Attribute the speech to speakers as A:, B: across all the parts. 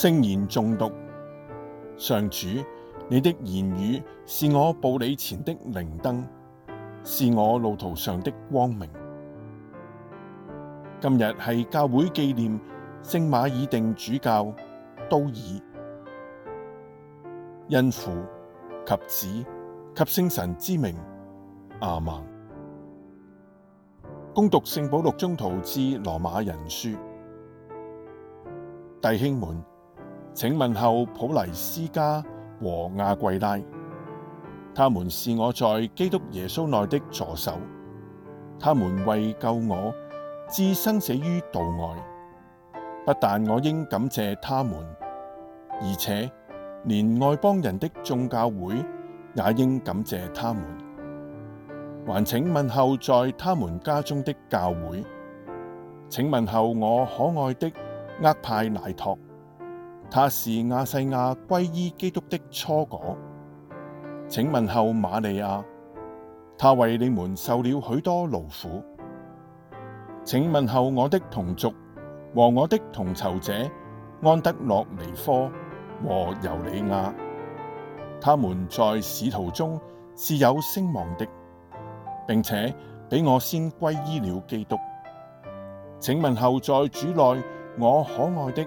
A: 聖言誦讀，上主，你的言語是我步履前的明燈，是我路途上的光明。今日係教會紀念聖馬爾定主教都爾，因父及子及聖神之名阿門。恭讀聖保祿宗徒致羅馬人書，弟兄們。請問候普黎斯加和阿桂拉，他們是我在基督耶穌內的助手，他們為救我，置生死於度外。不但我應感謝他們，而且連外邦人的眾教會也應感謝他們。還請問候在他們家中的教會，請問候我可愛的厄派乃托。他是亞細亞歸依基督的初果，請問候瑪利亞，他為你們受了許多勞苦，請問候我的同族和我的同囚者安得洛尼科和猶尼雅，他們在使徒中是有聲望的，並且比我先歸依了基督，請問候在主內我可愛的。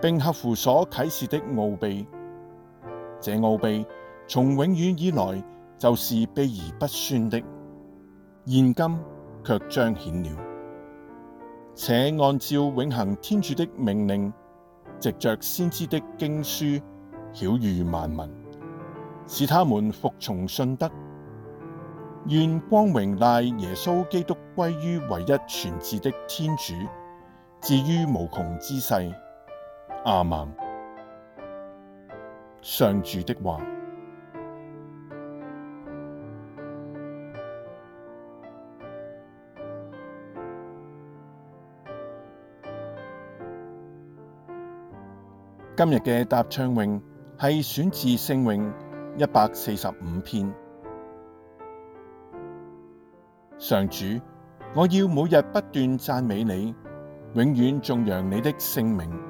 A: 並合乎所啟示的奧秘，這奧秘從永遠以來就是秘而不宣的，現今卻彰顯了，且按照永恆天主的命令，藉着先知的經書曉諭萬民，使他們服從信德。願光榮賴耶穌基督歸於唯一全智的天主，至於無窮之世。亞孟。上主的話。今日嘅答唱詠係選自聖詠一百四十五篇。上主，我要每日不斷讚美你，永遠頌揚你的聖名。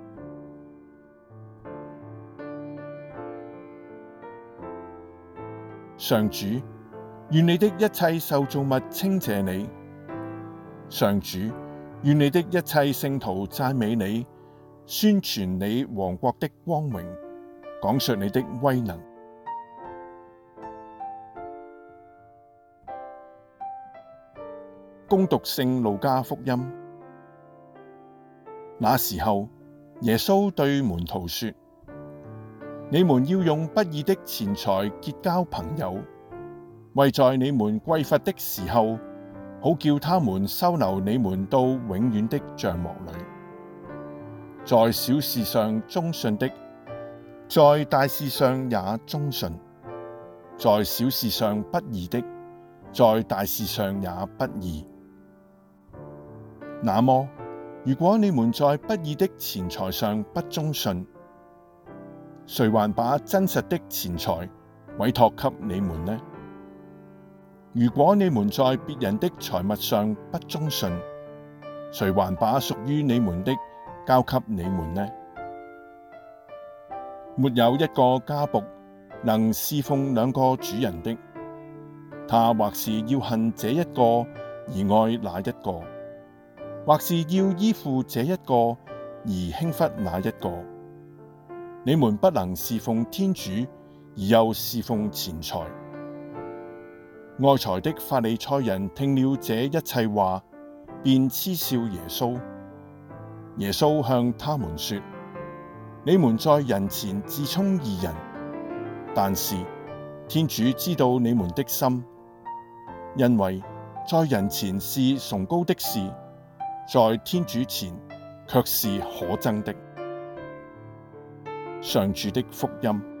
A: 上主，願你的一切受造物稱謝你；上主，願你的一切聖徒讚美你，宣傳你王國的光榮，講述你的威能。恭讀聖路加福音，那時候耶穌對門徒說。你們要用不義的錢財結交朋友，為在你們匱乏的時候，好叫他們收留你們到永遠的帳幕裏。在小事上忠信的，在大事上也忠信；在小事上不義的，在大事上也不義。那麼，如果你們在不義的錢財上不忠信，誰還把真實的錢財委託給你們呢？如果你們在別人的財物上不忠信，誰還把屬於你們的交給你們呢？沒有一個家僕能侍奉兩個主人的，他或是要恨這一個而愛那一個，或是要依附這一個而輕忽那一個。你們不能侍奉天主而又侍奉錢財。愛財的法利賽人聽了這一切話，便嗤笑耶穌。耶穌向他們說：你們在人前自充義人，但是天主知道你們的心，因為在人前是崇高的事，在天主前卻是可憎的。上主的福音。